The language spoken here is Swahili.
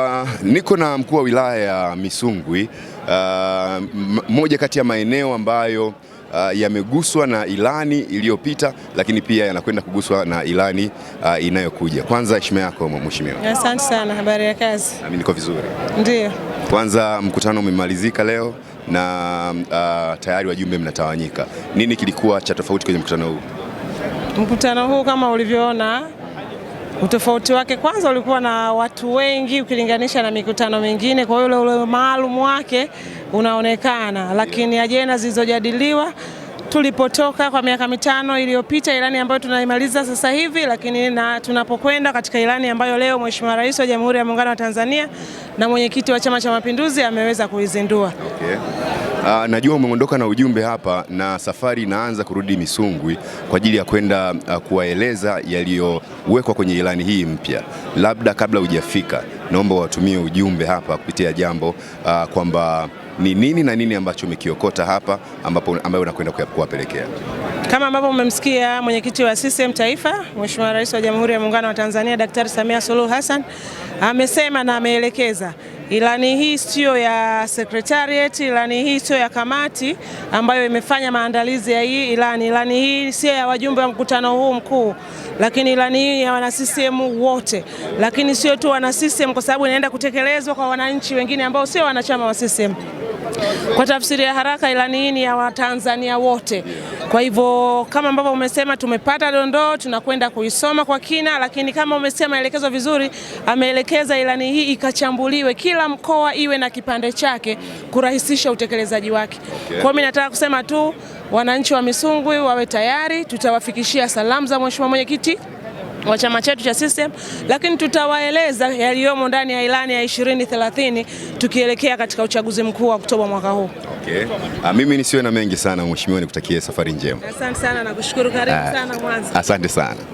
Uh, niko na mkuu wa wilaya ya Misungwi, uh, moja kati ya maeneo ambayo uh, yameguswa na ilani iliyopita, lakini pia yanakwenda kuguswa na ilani uh, inayokuja. Kwanza heshima yako mheshimiwa. Asante sana, habari ya kazi? Mimi niko vizuri. Ndiyo. Kwanza mkutano umemalizika leo na uh, tayari wajumbe mnatawanyika. Nini kilikuwa cha tofauti kwenye mkutano huu? Mkutano huu kama ulivyoona Utofauti wake kwanza, ulikuwa na watu wengi ukilinganisha na mikutano mingine, kwa hiyo ule maalum wake unaonekana, lakini ajenda zilizojadiliwa tulipotoka kwa miaka mitano iliyopita, ilani ambayo tunaimaliza sasa hivi, lakini na tunapokwenda katika ilani ambayo leo Mheshimiwa Rais wa Jamhuri ya Muungano wa Tanzania na mwenyekiti wa Chama cha Mapinduzi ameweza kuizindua. Okay. Uh, najua umeondoka na ujumbe hapa na safari inaanza kurudi Misungwi kwa ajili ya kwenda uh, kuwaeleza yaliyowekwa kwenye ilani hii mpya. Labda kabla hujafika, naomba watumie ujumbe hapa kupitia Jambo uh, kwamba ni nini na nini ambacho umekiokota hapa ambapo ambayo unakwenda kuwapelekea. Kama ambavyo mmemsikia mwenyekiti wa CCM Taifa, Mheshimiwa Rais wa Jamhuri ya Muungano wa Tanzania Daktari Samia Suluhu Hassan amesema na ameelekeza Ilani hii siyo ya secretariat, ilani hii siyo ya kamati ambayo imefanya maandalizi ya hii ilani. Ilani hii sio ya wajumbe wa mkutano huu mkuu lakini ilani hii ya wana CCM wote, lakini sio tu wana CCM, kwa sababu inaenda kutekelezwa kwa wananchi wengine ambao sio wanachama wa CCM. Kwa tafsiri ya haraka, ilani hii ni ya Watanzania wote. Kwa hivyo kama ambavyo umesema, tumepata dondoo, tunakwenda kuisoma kwa kina, lakini kama umesema maelekezo vizuri, ameelekeza ilani hii ikachambuliwe, kila mkoa iwe na kipande chake kurahisisha utekelezaji wake. Kwa hiyo mimi nataka kusema tu wananchi wa Misungwi wawe tayari, tutawafikishia salamu za mheshimiwa mwenyekiti wa chama chetu cha system, lakini tutawaeleza yaliyomo ndani ya ilani ya 2030 tukielekea katika uchaguzi mkuu wa Oktoba mwaka huu. Okay. Ah, mimi nisiwe na mengi sana mheshimiwa, nikutakie safari njema. Asante sana na kushukuru, karibu ah, sana Mwanza. Asante sana.